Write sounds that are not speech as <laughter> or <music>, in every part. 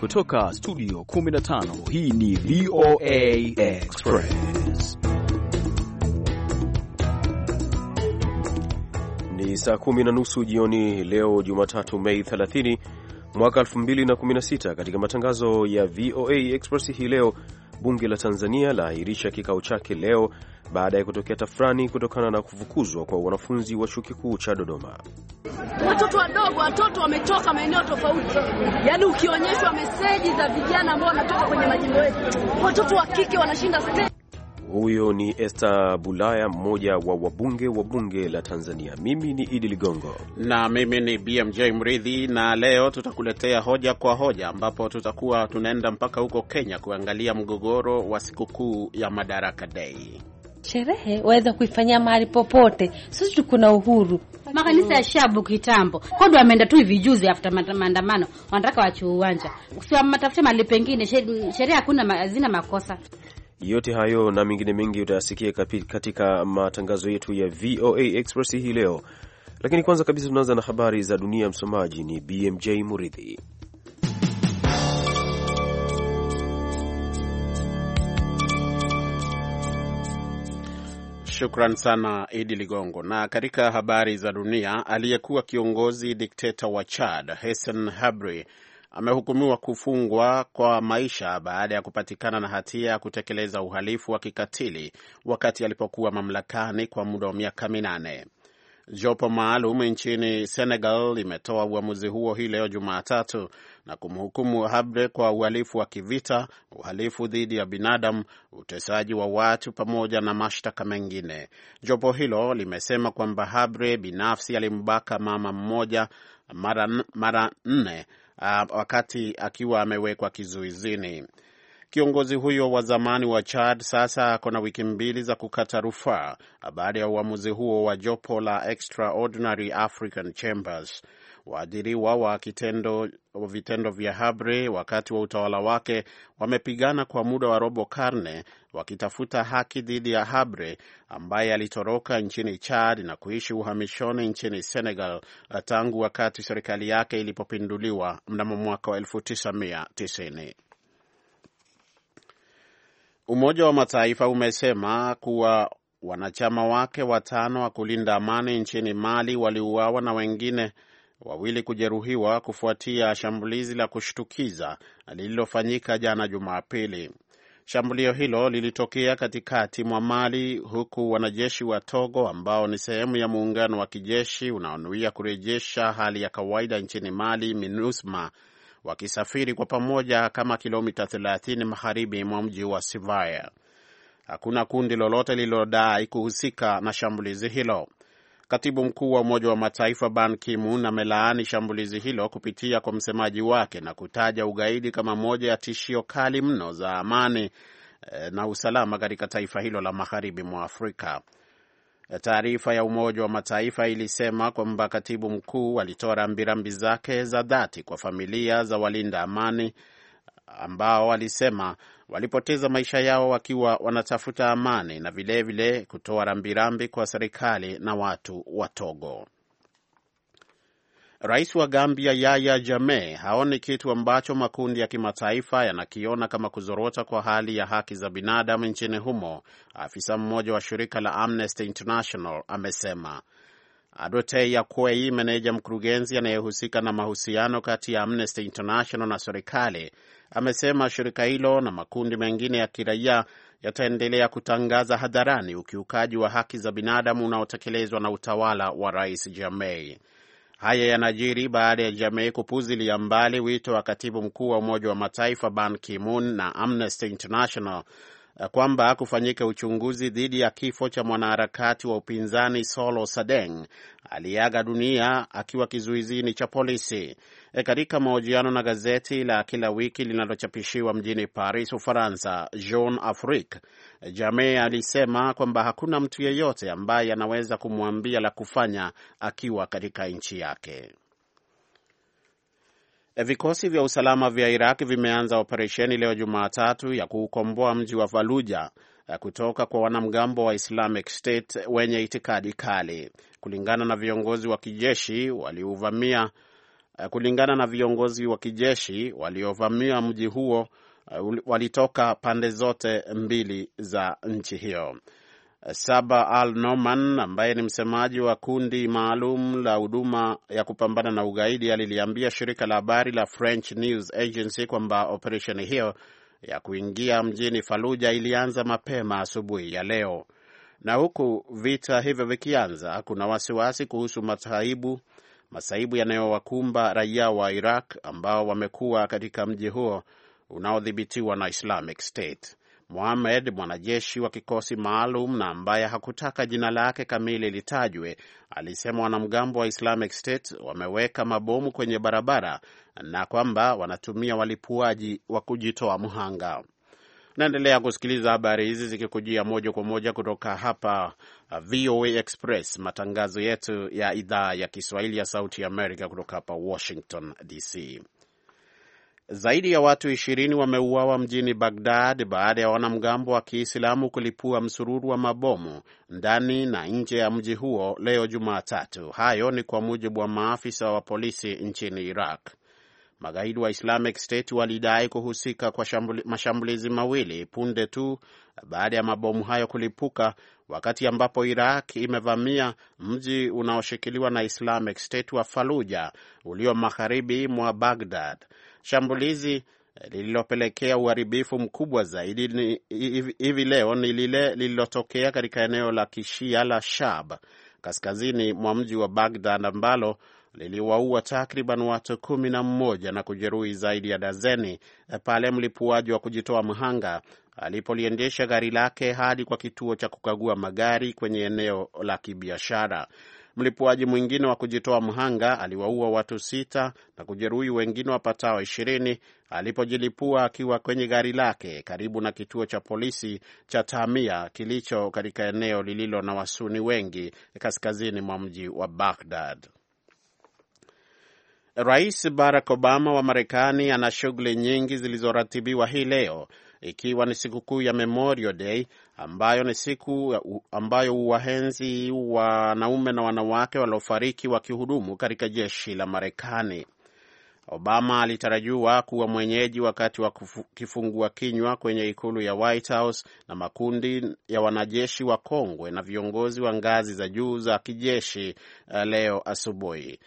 Kutoka studio 15 hii ni VOA Express. Ni saa kumi na nusu jioni leo Jumatatu, Mei 30 mwaka 2016. Katika matangazo ya VOA Express hii leo, bunge la Tanzania laahirisha kikao chake leo baada ya kutokea tafrani kutokana na kufukuzwa kwa wanafunzi wa chuo kikuu cha Dodoma. Watoto wadogo, watoto wametoka maeneo tofauti, yaani ukionyeshwa meseji za vijana ambao wanatoka kwenye majimbo yetu, watoto wa kike wanashinda stage. Huyo ni Esther Bulaya, mmoja wa wabunge wa bunge la Tanzania. Mimi ni Idi Ligongo na mimi ni BMJ Mridhi, na leo tutakuletea hoja kwa hoja, ambapo tutakuwa tunaenda mpaka huko Kenya kuangalia mgogoro wa sikukuu ya Madaraka Day sherehe waweza kuifanyia mahali popote, sisi tuko na uhuru. Makanisa ya shabu kitambo kodo wameenda tu hivi juzi, after maandamano wanataka wachu uwanja, siwamatafute mahali pengine. Sherehe hakuna, hazina makosa yote hayo na mengine mengi utayasikia katika matangazo yetu ya VOA Express hii leo, lakini kwanza kabisa tunaanza na habari za dunia. Msomaji ni BMJ Muridhi. Shukran sana Idi Ligongo. Na katika habari za dunia, aliyekuwa kiongozi dikteta wa Chad Hassan habry amehukumiwa kufungwa kwa maisha baada ya kupatikana na hatia ya kutekeleza uhalifu wa kikatili wakati alipokuwa mamlakani kwa muda wa miaka minane. Jopo maalum nchini Senegal limetoa uamuzi huo hii leo Jumatatu na kumhukumu Habre kwa uhalifu wa kivita, uhalifu dhidi ya binadamu, utesaji wa watu pamoja na mashtaka mengine. Jopo hilo limesema kwamba Habre binafsi alimbaka mama mmoja mara nne ah, wakati akiwa amewekwa kizuizini. Kiongozi huyo wa zamani wa Chad sasa ako na wiki mbili za kukata rufaa baada ya uamuzi huo wa jopo la Extraordinary African Chambers. Waadhiriwa wa kitendo vitendo vya Habre wakati wa utawala wake wamepigana kwa muda wa robo karne wakitafuta haki dhidi ya Habre ambaye alitoroka nchini Chad na kuishi uhamishoni nchini Senegal tangu wakati serikali yake ilipopinduliwa mnamo mwaka wa 1990. Umoja wa Mataifa umesema kuwa wanachama wake watano wa kulinda amani nchini Mali waliuawa na wengine wawili kujeruhiwa kufuatia shambulizi la kushtukiza lililofanyika jana Jumapili. Shambulio hilo lilitokea katikati mwa Mali, huku wanajeshi wa Togo ambao ni sehemu ya muungano wa kijeshi unaonuia kurejesha hali ya kawaida nchini Mali, MINUSMA, wakisafiri kwa pamoja kama kilomita 30 magharibi mwa mji wa Sivaya. Hakuna kundi lolote lililodai kuhusika na shambulizi hilo. Katibu mkuu wa Umoja wa Mataifa Ban Ki-moon amelaani shambulizi hilo kupitia kwa msemaji wake na kutaja ugaidi kama moja ya tishio kali mno za amani eh, na usalama katika taifa hilo la magharibi mwa Afrika. Taarifa ya Umoja wa Mataifa ilisema kwamba katibu mkuu alitoa rambirambi zake za dhati kwa familia za walinda amani ambao alisema walipoteza maisha yao wakiwa wanatafuta amani na vilevile kutoa rambirambi kwa serikali na watu wa Togo. Rais wa Gambia yaya Jammeh haoni kitu ambacho makundi ya kimataifa yanakiona kama kuzorota kwa hali ya haki za binadamu nchini humo, afisa mmoja wa shirika la Amnesty International amesema. Adotei Akwei, meneja mkurugenzi anayehusika na mahusiano kati ya Amnesty International na serikali, amesema shirika hilo na makundi mengine ya kiraia yataendelea kutangaza hadharani ukiukaji wa haki za binadamu unaotekelezwa na utawala wa Rais Jammeh. Haya yanajiri baada ya Jamii kupuzilia mbali wito wa katibu mkuu wa Umoja wa Mataifa Ban Ki-moon na Amnesty International eh, kwamba kufanyika uchunguzi dhidi ya kifo cha mwanaharakati wa upinzani Solo Sadeng aliyeaga dunia akiwa kizuizini cha polisi. E, katika mahojiano na gazeti la kila wiki linalochapishiwa mjini Paris, Ufaransa, Jean Afrique Jame alisema kwamba hakuna mtu yeyote ambaye anaweza kumwambia la kufanya akiwa katika nchi yake. E, vikosi vya usalama vya Iraq vimeanza operesheni leo Jumatatu ya kuukomboa mji wa Faluja e, kutoka kwa wanamgambo wa Islamic State wenye itikadi kali. Kulingana na viongozi wa kijeshi, waliuvamia Eh, kulingana na viongozi wa kijeshi waliovamia mji huo eh, walitoka pande zote mbili za nchi hiyo. Eh, Saba Al Noman ambaye ni msemaji wa kundi maalum la huduma ya kupambana na ugaidi aliliambia shirika la habari la French News Agency kwamba operesheni hiyo ya kuingia mjini Faluja ilianza mapema asubuhi ya leo. Na huku vita hivyo vikianza, kuna wasiwasi kuhusu masaibu masaibu yanayowakumba raia wa Iraq ambao wamekuwa katika mji huo unaodhibitiwa na Islamic State. Mohamed, mwanajeshi wa kikosi maalum na ambaye hakutaka jina lake kamili litajwe, alisema wanamgambo wa Islamic State wameweka mabomu kwenye barabara na kwamba wanatumia walipuaji wa kujitoa mhanga. Naendelea kusikiliza habari hizi zikikujia moja kwa moja kutoka hapa uh, VOA Express, matangazo yetu ya idhaa ya Kiswahili ya Sauti ya Amerika kutoka hapa Washington DC. Zaidi ya watu ishirini wameuawa mjini Bagdad baada ya wanamgambo wa Kiislamu kulipua msururu wa mabomu ndani na nje ya mji huo leo Jumatatu. Hayo ni kwa mujibu wa maafisa wa polisi nchini Iraq. Magaidi wa Islamic State walidai kuhusika kwa shambuli, mashambulizi mawili punde tu baada ya mabomu hayo kulipuka, wakati ambapo Iraq imevamia mji unaoshikiliwa na Islamic State wa Faluja ulio magharibi mwa Baghdad. Shambulizi lililopelekea uharibifu mkubwa zaidi hivi leo ni lile lililotokea katika eneo la kishia la Shab kaskazini mwa mji wa Baghdad ambalo liliwaua takriban watu kumi na mmoja na kujeruhi zaidi ya dazeni eh, pale mlipuaji wa kujitoa mhanga alipoliendesha gari lake hadi kwa kituo cha kukagua magari kwenye eneo la kibiashara. Mlipuaji mwingine wa kujitoa mhanga aliwaua watu sita na kujeruhi wengine wapatao ishirini alipojilipua akiwa kwenye gari lake karibu na kituo cha polisi cha Tamia kilicho katika eneo lililo na Wasuni wengi kaskazini mwa mji wa Baghdad. Rais Barack Obama wa Marekani ana shughuli nyingi zilizoratibiwa hii leo ikiwa ni sikukuu ya Memorial Day ambayo ni siku ambayo uwahenzi wanaume na wanawake waliofariki wakihudumu katika jeshi la Marekani. Obama alitarajiwa kuwa mwenyeji wakati wa kifungua kinywa kwenye ikulu ya White House na makundi ya wanajeshi wa kongwe na viongozi wa ngazi za juu za kijeshi eh, leo asubuhi.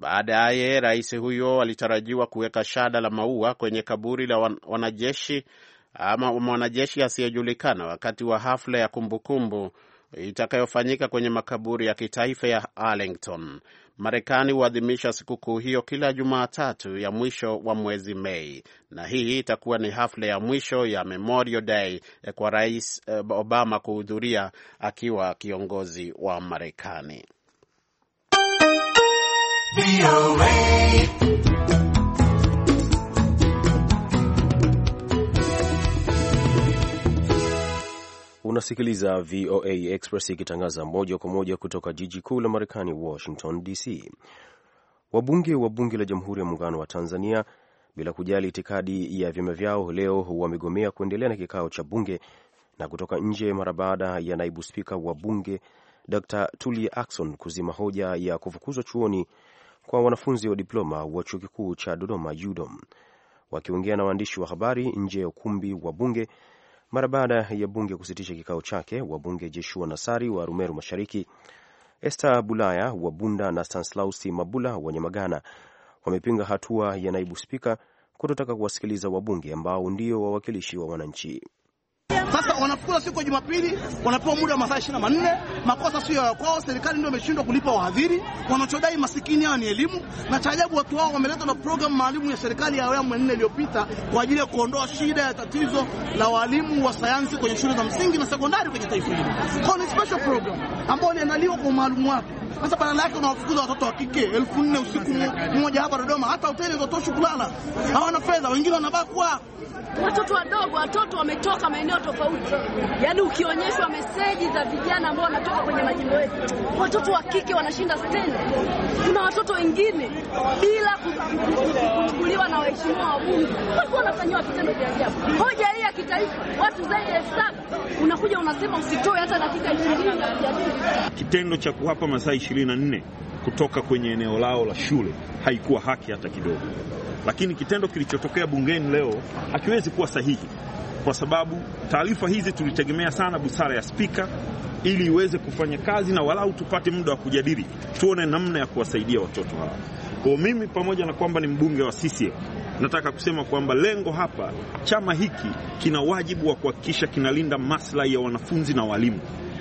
Baadaye rais huyo alitarajiwa kuweka shada la maua kwenye kaburi la wanajeshi ama mwanajeshi asiyejulikana wakati wa hafla ya kumbukumbu itakayofanyika kwenye makaburi ya kitaifa ya Arlington. Marekani huadhimisha sikukuu hiyo kila Jumatatu ya mwisho wa mwezi Mei, na hii itakuwa ni hafla ya mwisho ya Memorial Day kwa Rais eh, Obama kuhudhuria akiwa kiongozi wa Marekani. Unasikiliza VOA Express ikitangaza moja kwa moja kutoka jiji kuu la Marekani, Washington DC. Wabunge wa Bunge la Jamhuri ya Muungano wa Tanzania, bila kujali itikadi ya vyama vyao, leo wamegomea kuendelea na kikao cha Bunge na kutoka nje mara baada ya naibu spika wa Bunge Dr Tulia Akson kuzima hoja ya kufukuzwa chuoni kwa wanafunzi wa diploma wa chuo kikuu cha Dodoma UDOM. Wakiongea na waandishi wa habari nje ya ukumbi wa bunge mara baada ya bunge kusitisha kikao chake, wabunge Jeshua Nasari wa Rumeru Mashariki, Esther Bulaya wa Bunda na Stanslausi Mabula wa Nyamagana wamepinga hatua ya naibu spika kutotaka kuwasikiliza wabunge ambao ndio wawakilishi wa wananchi. Sasa wanafukuza siku ya Jumapili, wanapewa muda wa masaa ishirini na manne. Makosa sio ya kwao, serikali ndio imeshindwa kulipa wahadhiri. Wanachodai masikini hao ni elimu, na cha ajabu watu wao wameleta na programu maalumu ya serikali ya awamu nne iliyopita kwa ajili ya kuondoa shida ya tatizo la walimu wa sayansi kwenye shule za msingi na sekondari kwenye taifa hili. Kwa ni special program ambao inaandaliwa kwa umaalumu wake. Sasa badala yake unawafukuza watoto wa kike elfu nne usiku mmoja hapa Dodoma, hata hoteli zotoshi kulala, hawana fedha, wengine wanabakwa Watoto wadogo, watoto wametoka maeneo tofauti, yaani ukionyeshwa meseji za vijana ambao wanatoka kwenye majimbo yetu, watoto wa kike wanashinda stendi. Kuna watoto wengine bila kuchukuliwa na waheshimiwa bunge walikuwa wanafanyiwa vitendo vya ajabu. Hoja hii ya kitaifa, watu zaidi ya saba unakuja unasema usitoe hata dakika ishirini za kujadili kitendo cha kuwapa masaa ishirini na nne kutoka kwenye eneo lao la shule, haikuwa haki hata kidogo lakini kitendo kilichotokea bungeni leo hakiwezi kuwa sahihi, kwa sababu taarifa hizi tulitegemea sana busara ya spika ili iweze kufanya kazi na walau tupate muda wa kujadili, tuone namna ya kuwasaidia watoto hawa. Kwa mimi, pamoja na kwamba ni mbunge wa CCM, nataka kusema kwamba lengo hapa, chama hiki kina wajibu wa kuhakikisha kinalinda maslahi ya wanafunzi na walimu.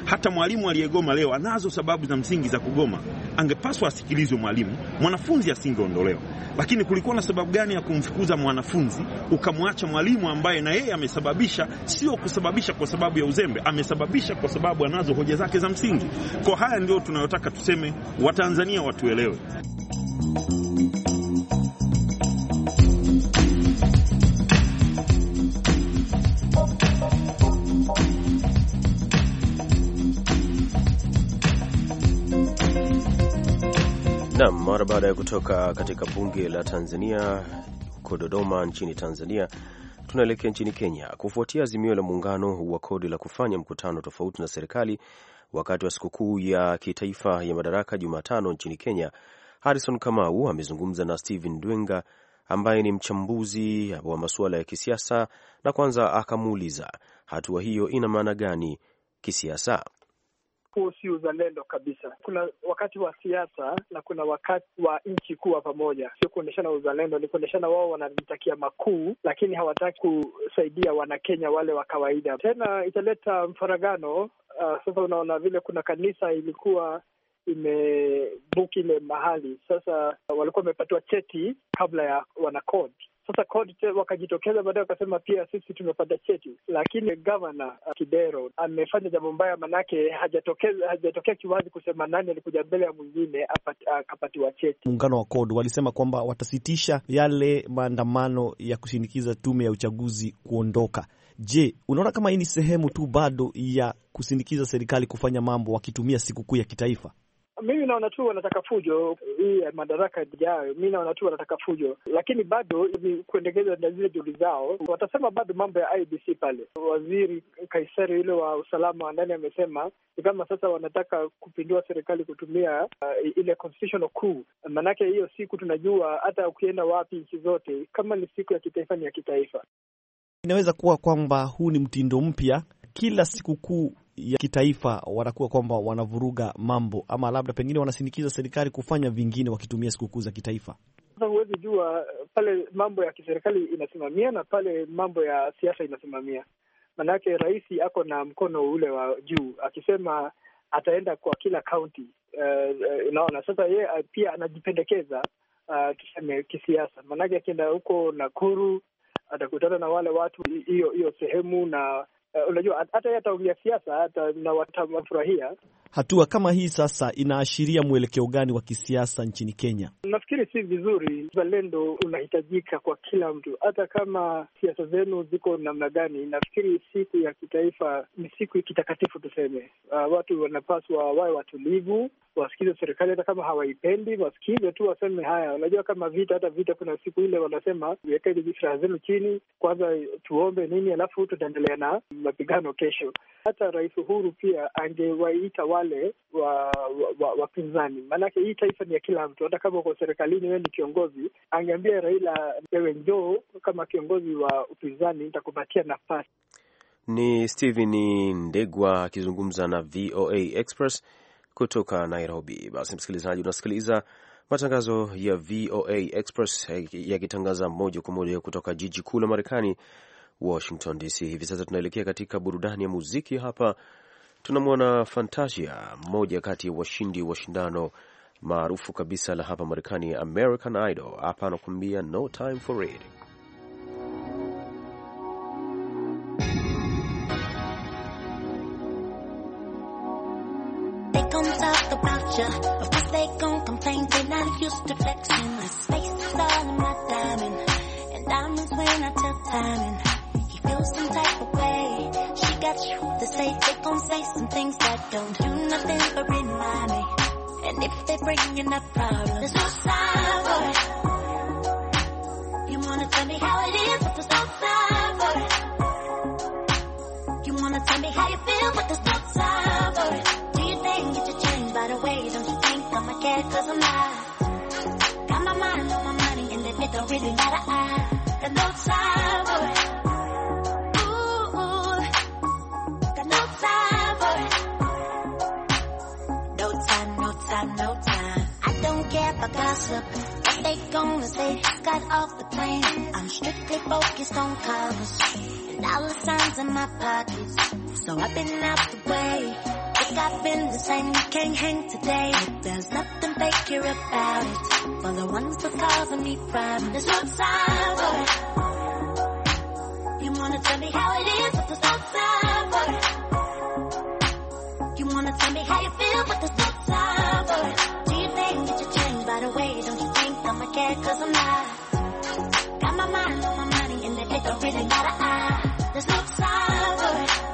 Hata mwalimu aliyegoma leo anazo sababu za msingi za kugoma, angepaswa asikilizwe mwalimu, mwanafunzi asingeondolewa. Lakini kulikuwa na sababu gani ya kumfukuza mwanafunzi ukamwacha mwalimu ambaye na yeye amesababisha? Sio kusababisha kwa sababu ya uzembe, amesababisha kwa sababu anazo hoja zake za msingi. Kwa haya ndio tunayotaka tuseme, Watanzania watuelewe. Naam, mara baada ya kutoka katika bunge la Tanzania huko Dodoma nchini Tanzania, tunaelekea nchini Kenya kufuatia azimio la muungano wa kodi la kufanya mkutano tofauti na serikali wakati wa sikukuu ya kitaifa ya madaraka Jumatano nchini Kenya. Harrison Kamau amezungumza na Stephen Dwenga ambaye ni mchambuzi wa masuala ya kisiasa, na kwanza akamuuliza hatua hiyo ina maana gani kisiasa huu si uzalendo kabisa. Kuna wakati wa siasa na kuna wakati wa nchi kuwa pamoja, sio kuonyeshana uzalendo, ni kuonyeshana wao wanajitakia makuu, lakini hawataki kusaidia wanakenya wale wa kawaida. Tena italeta mfaragano. Uh, sasa unaona vile kuna kanisa ilikuwa imebuki ile mahali sasa, walikuwa wamepatiwa cheti kabla ya wanakodi sasa wakajitokeza baadaye wakasema pia sisi tumepata cheti, lakini gavana uh, Kidero amefanya jambo mbaya, manake hajatokea hajatokea kiwazi kusema nani alikuja mbele ya mwingine akapatiwa cheti. Muungano wa CORD walisema kwamba watasitisha yale maandamano ya kushinikiza tume ya uchaguzi kuondoka. Je, unaona kama hii ni sehemu tu bado ya kusindikiza serikali kufanya mambo wakitumia sikukuu ya kitaifa? Mimi naona tu wanataka fujo hii ya madaraka ijayo, mi naona tu wanataka fujo, lakini bado ni kuendekeza na zile juhudi zao. Watasema bado mambo ya IBC pale. Waziri Kaisari yule wa usalama wa ndani amesema ni kama sasa wanataka kupindua serikali kutumia uh, ile constitutional coup. Maanake hiyo siku tunajua hata ukienda wapi nchi zote, kama ni siku ya kitaifa ni ya kitaifa. Inaweza kuwa kwamba huu ni mtindo mpya, kila sikukuu ya kitaifa watakuwa kwamba wanavuruga mambo ama labda pengine wanasindikiza serikali kufanya vingine wakitumia sikukuu za kitaifa. Sasa huwezi jua eh, pale mambo ya kiserikali inasimamia na pale mambo ya siasa inasimamia. Maanake rais ako na mkono ule wa juu, akisema ataenda kwa kila kaunti uh, unaona. Sasa ye pia anajipendekeza uh, tuseme kisiasa, maanake akienda huko Nakuru atakutana na wale watu hiyo hiyo sehemu na Eh, unajua hata yeye ataongea siasa na watafurahia, Hatua kama hii sasa inaashiria mwelekeo gani wa kisiasa nchini Kenya? Nafikiri si vizuri. Uzalendo unahitajika kwa kila mtu, hata kama siasa zenu ziko namna gani. Nafikiri siku ya kitaifa ni siku kitakatifu tuseme. Uh, watu wanapaswa wawe watulivu, wasikize serikali hata kama hawaipendi, wasikize tu, waseme haya. Unajua kama vita, hata vita kuna siku ile wanasema wekeni silaha zenu chini kwanza, tuombe nini, alafu tutaendelea na mapigano kesho. Hata Rais Uhuru pia angewaita wa wale wapinzani wa, wa wa maanake hii taifa ni ya kila mtu. Hata kama uko serikalini, wewe ni kiongozi, angeambia Raila, ewe njoo kama kiongozi wa upinzani, nitakupatia nafasi. Ni Steven Ndegwa akizungumza na VOA Express kutoka Nairobi. Basi msikilizaji, unasikiliza matangazo ya VOA Express eh, yakitangaza moja kwa moja kutoka jiji kuu la Marekani, Washington DC. Hivi sasa tunaelekea katika burudani ya muziki hapa tunamwona Fantasia, mmoja kati ya washindi wa shindano maarufu kabisa la hapa Marekani, American Idol. Hapa anakuambia no time for it. Of course they gon' complain, they not used to flexing. My space is all in my diamond, and diamonds when I tell timing. He feels some type of way. got you. to say they gon' say some things that don't do nothing but remind me. And if they bring in up problems, there's no sign for it. You wanna tell me how it is, but there's no sign for it. You wanna tell me how you feel, but there's no sign for it. Do you think that you change by the way? Don't you think i am a cat, Cause I'm not. Got my mind on my money, and if it don't really matter, I got no time. up. What they gonna say? Got off the plane. I'm strictly focused on covers. And all the signs in my pockets. So I've been out the way. Think I've been the same. Can't hang today. But there's nothing fake here about it. For the ones who causing me problems, There's no time for it. You wanna tell me how it is, but there's no time for it. You wanna tell me how you feel, but there's no Don't really gotta eye. There's no time for it.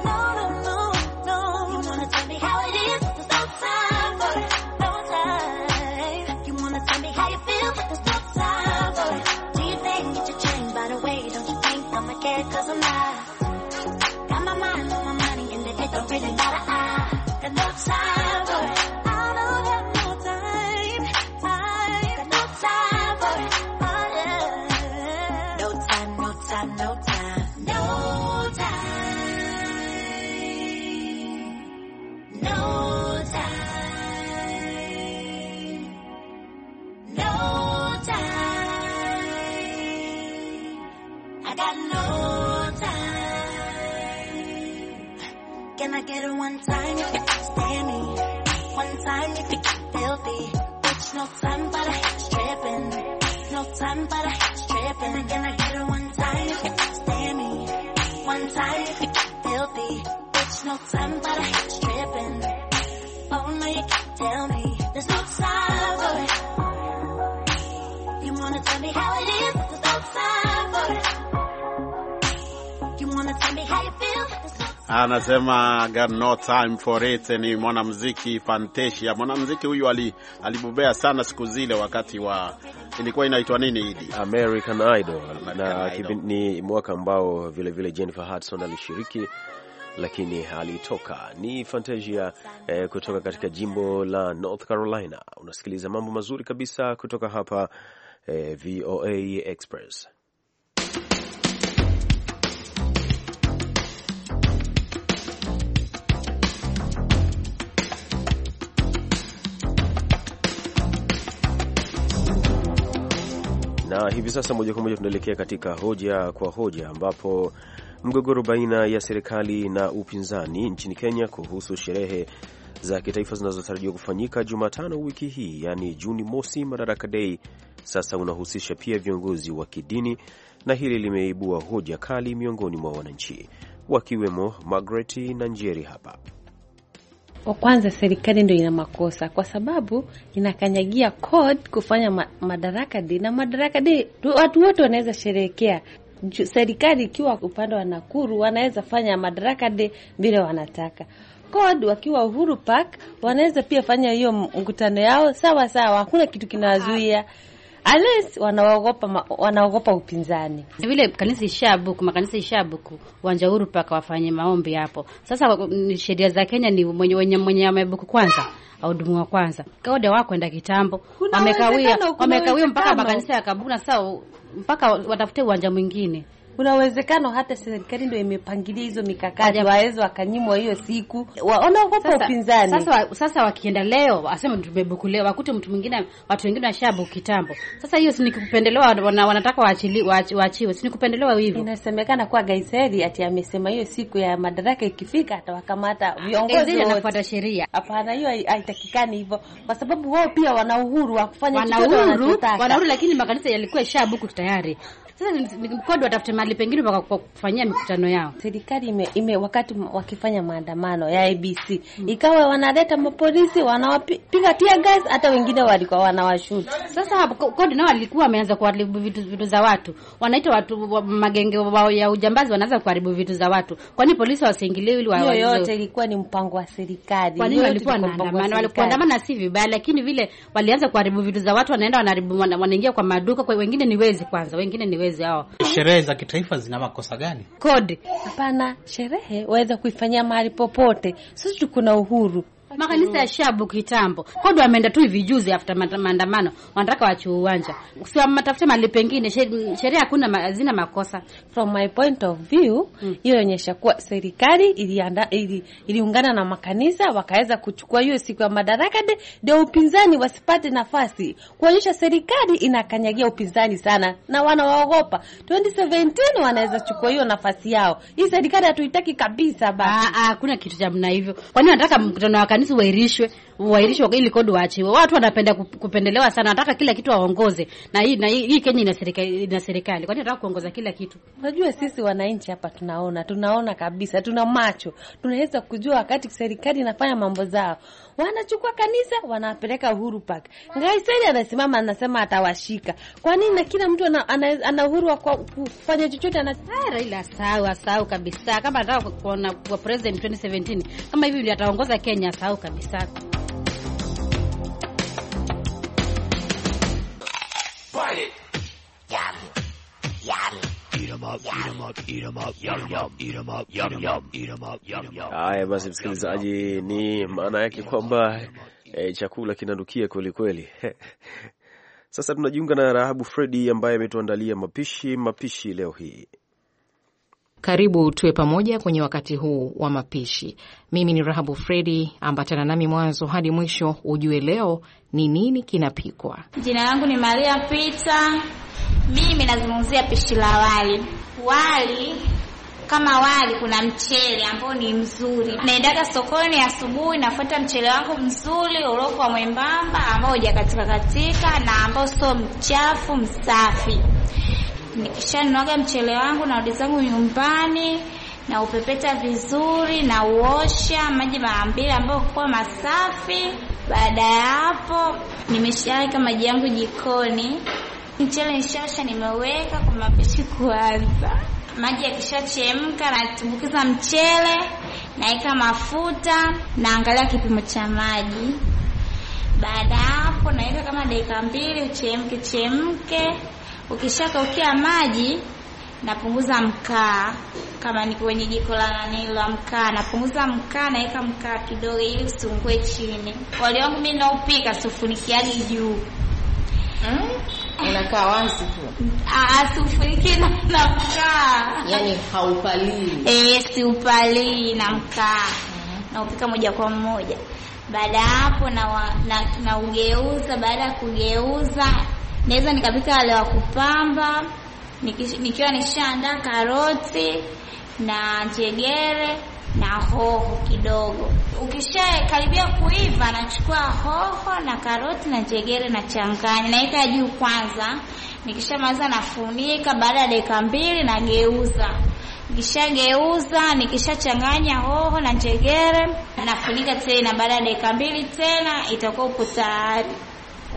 Anasema got no time for it. Ni mwanamuziki Fantasia. Mwanamuziki huyu ali, alibobea sana siku zile wakati wa ilikuwa inaitwa nini hidi American Idol, American na Idol. Ni mwaka ambao vilevile Jennifer Hudson alishiriki lakini alitoka. Ni Fantasia eh, kutoka katika jimbo la North Carolina. Unasikiliza mambo mazuri kabisa kutoka hapa eh, VOA Express. na hivi sasa moja kwa moja tunaelekea katika hoja kwa hoja, ambapo mgogoro baina ya serikali na upinzani nchini Kenya kuhusu sherehe za kitaifa zinazotarajiwa kufanyika Jumatano wiki hii, yaani Juni mosi, Madaraka Dei, sasa unahusisha pia viongozi wa kidini, na hili limeibua hoja kali miongoni mwa wananchi wakiwemo Margaret na Njeri hapa. Kwa kwanza, serikali ndio ina makosa kwa sababu inakanyagia code kufanya ma Madaraka Day, na Madaraka Day watu wote wanaweza sherehekea, serikali ikiwa upande wa Nakuru wanaweza fanya Madaraka Day vile wanataka CORD wakiwa Uhuru Park wanaweza pia fanya hiyo mkutano yao sawa sawa, hakuna kitu kinawazuia unless wanaogopa wanaogopa upinzani. Vile kanisa ishabuku makanisa ishabuku uwanja Uhuru Park wafanye maombi hapo. Sasa sheria za Kenya ni mwenye mwenye, mwenye amebuku kwanza audumu wa kwanza kaoda wako enda kitambo wamekawia wamekawia mpaka makanisa ya kabuna sawa mpaka watafute uwanja mwingine kuna uwezekano hata serikali ndio imepangilia hizo mikakati, waweza wakanyimwa hiyo siku, wanaogopa upinzani. Sasa, sasa wakienda leo asema tumebukulewa, wakute mtu mwingine, watu wengine washabu kitambo. Sasa hiyo sinikupendelewa, wana, wanataka waachiwe, si nikupendelewa hivyo. Inasemekana kuwa Gaiseri ati amesema hiyo siku ya madaraka ikifika atawakamata ah, viongozi wanafuata sheria. Hapana, hiyo haitakikani hivyo, kwa sababu wao pia wana uhuru wa kufanya chochote wana uhuru, lakini makanisa yalikuwa shabuku tayari sasa kodi watafute mahali pengine pa kufanyia mikutano yao. Serikali ime, ime wakati wakifanya maandamano ya ABC hmm, ikawa wanaleta mapolisi wanawapiga tear gas, hata wengine walikuwa wanawashuti. Sasa hapo kodi nao walikuwa wameanza kuharibu vitu, vitu za watu, wanaita watu magenge wao ya ujambazi wanaanza kuharibu vitu za watu. Kwa nini polisi wasiingilie ili wao yote, ilikuwa ni mpango wa serikali. Kwa nini walikuwa wanaandamana, walikuwa andamana si vibaya, lakini vile walianza kuharibu vitu za watu, wanaenda wanaharibu, wanaingia kwa maduka, kwa wengine ni wezi kwanza, wengine ni wezi hawawezi hao. Sherehe za kitaifa zina makosa gani? Kodi? Hapana, sherehe waweza kuifanyia mahali popote. Sisi tuko na uhuru, makanisa ya shabu kitambo kodi wameenda tu hivi juzi after maandamano, wanataka wachu uwanja siwamatafute mali pengine. Sheria hakuna hazina makosa. From my point of view mm. hiyo, mm, onyesha kuwa serikali ilianda ili, iliungana na makanisa wakaweza kuchukua hiyo siku ya madaraka de, de upinzani wasipate nafasi kuonyesha serikali inakanyagia upinzani sana na wanawaogopa 2017 wanaweza chukua hiyo nafasi yao. Hii serikali hatuitaki kabisa basi. Ah, ah, kuna kitu cha mna hivyo. Kwani wanataka mkutano wa kanisa wailishwe uairishwe ili kodi waachiwe. Watu wanapenda kupendelewa sana, nataka kila kitu waongoze, na hii na hii Kenya ina serikali ina serikali, kwani nataka kuongoza kila kitu. Unajua sisi wananchi hapa tunaona, tunaona kabisa, tuna macho, tunaweza kujua wakati serikali inafanya mambo zao. Wanachukua kanisa wanapeleka Uhuru Park, Ngaiseli anasimama anasema atawashika. Kwa nini? Na kila mtu ana, ana, ana uhuru wa kufanya chochote ana ah, Ila Sawa sawa kabisa, kama anataka kuona kwa president 2017 kama hivi ataongoza Kenya, sawa kabisa. Haya basi, msikilizaji, ni maana yake kwamba eh, chakula kinanukia kwelikweli <laughs> Sasa tunajiunga na Rahabu Fredi ambaye ametuandalia mapishi mapishi leo hii. Karibu tuwe pamoja kwenye wakati huu wa mapishi. Mimi ni Rahabu Fredi, ambatana nami mwanzo hadi mwisho ujue leo ni nini kinapikwa. Jina langu ni Maria Pita. Mimi nazungumzia pishi la wali. Wali kama wali, kuna mchele ambao ni mzuri. Naendaga sokoni asubuhi, nafuata mchele wangu mzuri uliokuwa mwembamba, ambao hujakatika katika na ambao sio mchafu, msafi nikishanwaga mchele wangu narudi zangu nyumbani na upepeta vizuri na uosha maji mara mbili ambayo kuwa masafi. Baada ya hapo, nimeshaweka maji yangu jikoni, mchele nishasha, nimeweka kwa mapishi kuanza. Maji yakishachemka, natumbukiza mchele, naweka mafuta, naangalia kipimo cha maji. Baada ya hapo, naweka kama dakika mbili uchemke chemke ukishakokea maji napunguza mkaa kama ni kwenye jiko la nani la mkaa napunguza mkaa naweka mkaa kidogo ili usungue chini wali wangu mimi naupika sufunikiaji juu hmm? unakaa wazi tu asiufuniki na, na mkaa yani haupalii si e, siupalii na mkaa hmm. naupika moja kwa moja baada ya hapo na, na, na ugeuza baada ya kugeuza naweza nikapika wale wa kupamba nikiwa nishaandaa karoti na njegere na hoho kidogo. Ukishakaribia kuiva, nachukua hoho na karoti na njegere na changanya, naweka juu kwanza. Nikishamaliza nafunika, baada ya dakika mbili nageuza. Nikishageuza, nikishachanganya hoho na njegere, nafunika tena. Baada ya dakika mbili tena itakuwa upo tayari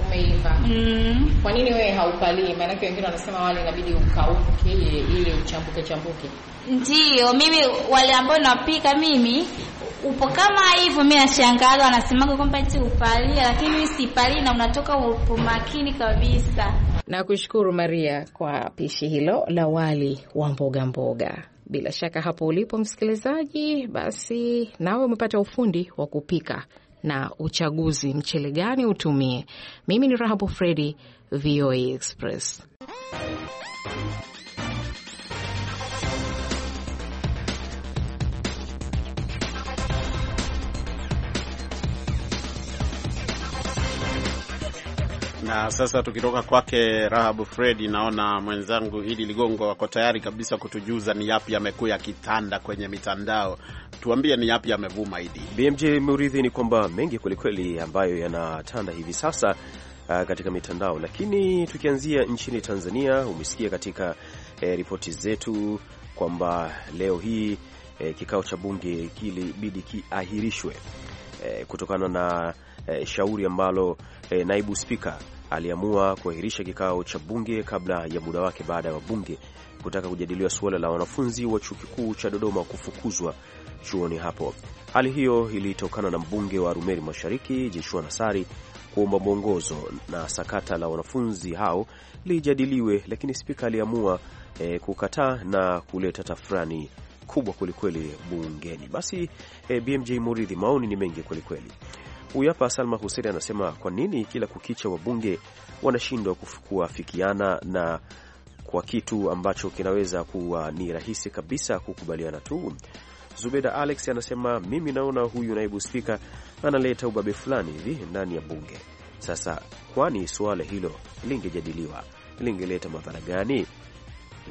umeiva mm. Kwa nini wewe haupalii? Maanake wengine wanasema wale inabidi ukauke ili ili uchambuke chambuke. Ndio mimi wale ambao napika mimi upo kama hivyo, mimi nashangaza, wanasemaga kwamba eti upalia, lakini sipalii na unatoka upo makini kabisa. Na kushukuru Maria kwa pishi hilo la wali wa mboga mboga. Bila shaka hapo ulipo msikilizaji, basi nawe umepata ufundi wa kupika na uchaguzi, mchele gani utumie? Mimi ni Rahabu Fredi, VOA Express. Na sasa tukitoka kwake Rahabu Fredi, naona mwenzangu Idi Ligongo wako tayari kabisa kutujuza ni yapi yamekuwa yakitanda kwenye mitandao tuambie ni yapi yamevuma hidi BMJ Muridhi. Ni kwamba mengi kwelikweli ambayo yanatanda hivi sasa uh, katika mitandao, lakini tukianzia nchini Tanzania, umesikia katika eh, ripoti zetu kwamba leo hii eh, kikao cha bunge kilibidi kiahirishwe eh, kutokana na eh, shauri ambalo eh, naibu spika aliamua kuahirisha kikao cha bunge kabla ya muda wake baada ya wabunge kutaka kujadiliwa suala la wanafunzi wa chuo kikuu cha Dodoma kufukuzwa chuoni hapo. Hali hiyo ilitokana na mbunge wa arumeri Mashariki Jeshua Nasari kuomba mwongozo na sakata la wanafunzi hao lijadiliwe, lakini spika aliamua e, kukataa na kuleta tafurani kubwa kwelikweli bungeni. Basi e, eh, BMJ Muridhi, maoni ni mengi kwelikweli. Huyu hapa Salma Hussein anasema kwa nini kila kukicha wabunge wanashindwa kuafikiana na kwa kitu ambacho kinaweza kuwa ni rahisi kabisa kukubaliana tu. Zubeda Alex anasema mimi naona huyu naibu spika analeta ubabe fulani hivi ndani ya bunge. Sasa kwani suala hilo lingejadiliwa lingeleta madhara gani?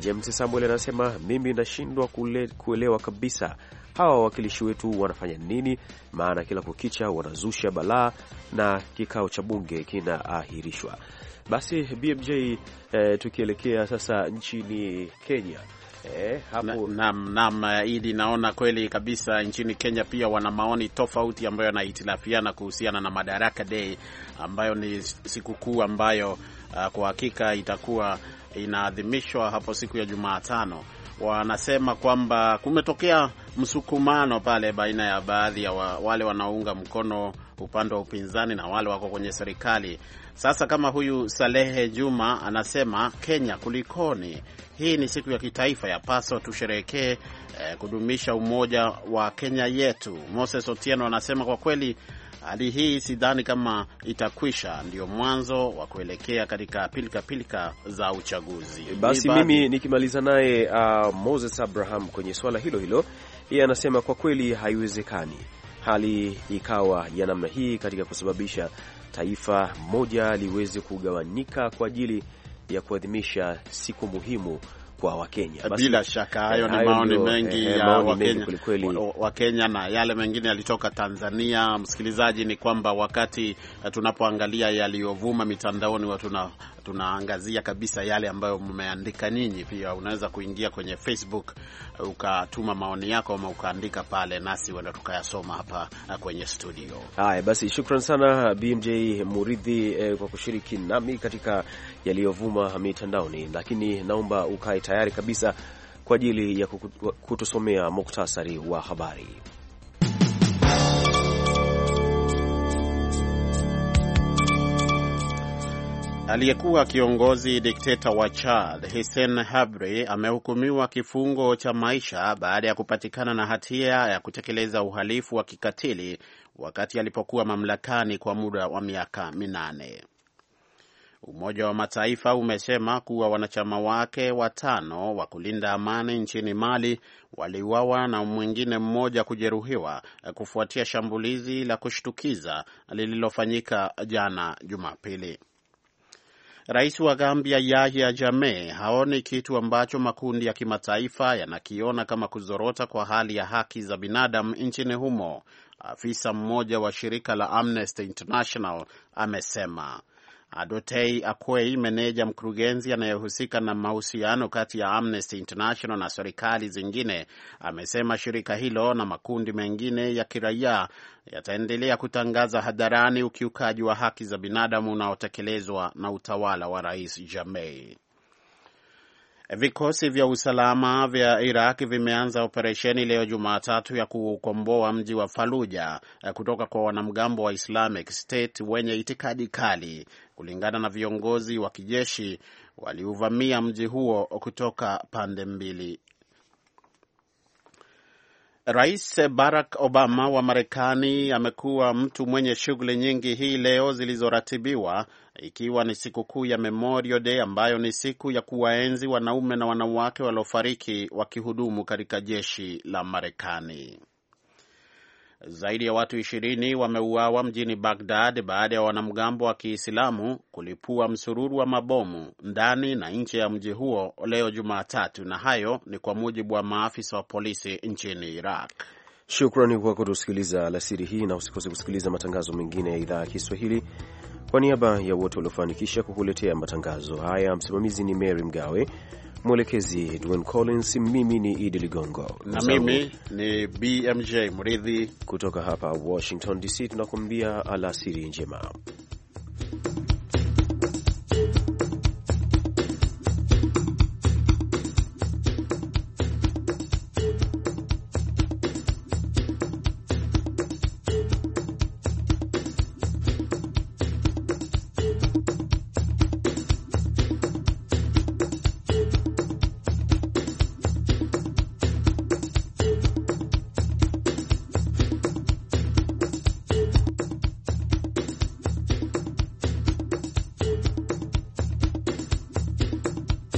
James Samuel anasema mimi nashindwa kuelewa kabisa hawa wawakilishi wetu wanafanya nini, maana kila kukicha wanazusha balaa na kikao cha bunge kinaahirishwa. Basi BMJ, eh, tukielekea sasa nchini Kenya. Eh, hapo... na, na, eh, Idi, naona kweli kabisa nchini Kenya pia wana maoni tofauti ambayo yanahitilafiana kuhusiana na Madaraka Day ambayo ni sikukuu ambayo uh, kwa hakika itakuwa inaadhimishwa hapo siku ya Jumatano, wanasema kwamba kumetokea msukumano pale baina ya baadhi ya wa, wale wanaounga mkono upande wa upinzani na wale wako kwenye serikali. Sasa kama huyu Salehe Juma anasema, Kenya kulikoni? Hii ni siku ya kitaifa, yapaswa tusherehekee eh, kudumisha umoja wa Kenya yetu. Moses Otieno anasema kwa kweli Hali hii sidhani kama itakwisha, ndio mwanzo wa kuelekea katika pilikapilika pilika za uchaguzi. Eh, basi mimi nikimaliza naye uh, Moses Abraham kwenye swala hilo hilo, yeye anasema kwa kweli haiwezekani hali ikawa ya namna hii katika kusababisha taifa moja liweze kugawanyika kwa ajili ya kuadhimisha siku muhimu kwa Wakenya. Eh, bila shaka eh, hayo ni eh, maoni mengi ya Wakenya, Wakenya na yale mengine yalitoka Tanzania. Msikilizaji, ni kwamba wakati tunapoangalia yaliyovuma mitandaoni, watu na tunaangazia kabisa yale ambayo mmeandika ninyi. Pia unaweza kuingia kwenye Facebook uh, ukatuma maoni yako ama ukaandika pale, nasi wenda tukayasoma hapa uh, kwenye studio. Haya basi, shukran sana BMJ Muridhi eh, kwa kushiriki nami katika yaliyovuma mitandaoni, lakini naomba ukae tayari kabisa kwa ajili ya kutusomea muktasari wa habari. Aliyekuwa kiongozi dikteta wa Chad Hissen Habre amehukumiwa kifungo cha maisha baada ya kupatikana na hatia ya kutekeleza uhalifu wa kikatili wakati alipokuwa mamlakani kwa muda wa miaka minane. Umoja wa Mataifa umesema kuwa wanachama wake watano wa kulinda amani nchini Mali waliuawa na mwingine mmoja kujeruhiwa kufuatia shambulizi la kushtukiza lililofanyika jana Jumapili. Rais wa Gambia Yahya Jammeh haoni kitu ambacho makundi ya kimataifa yanakiona kama kuzorota kwa hali ya haki za binadamu nchini humo, afisa mmoja wa shirika la Amnesty International amesema. Adotei Akwei, meneja mkurugenzi anayehusika na mahusiano kati ya Amnesty International na serikali zingine, amesema shirika hilo na makundi mengine ya kiraia yataendelea kutangaza hadharani ukiukaji wa haki za binadamu unaotekelezwa na utawala wa Rais Jammeh. Vikosi vya usalama vya Iraq vimeanza operesheni leo Jumatatu ya kuukomboa mji wa Faluja eh, kutoka kwa wanamgambo wa Islamic State wenye itikadi kali. Kulingana na viongozi wa kijeshi, waliuvamia mji huo kutoka pande mbili Rais Barack Obama wa Marekani amekuwa mtu mwenye shughuli nyingi hii leo zilizoratibiwa, ikiwa ni sikukuu ya Memorial Day ambayo ni siku ya kuwaenzi wanaume na wanawake waliofariki wakihudumu katika jeshi la Marekani. Zaidi ya watu ishirini wameuawa mjini Bagdad baada ya wanamgambo wa Kiislamu kulipua msururu wa mabomu ndani na nje ya mji huo leo Jumatatu, na hayo ni kwa mujibu wa maafisa wa polisi nchini Iraq. Shukrani kwa kutusikiliza alasiri hii, na usikose kusikiliza matangazo mengine ya idhaa ya Kiswahili. Kwa niaba ya wote waliofanikisha kukuletea matangazo haya, msimamizi ni Mary Mgawe, mwelekezi Edwin Collins, mimi ni Idi Ligongo na mimi ni BMJ Mridhi kutoka hapa Washington DC, tunakuambia alasiri njema.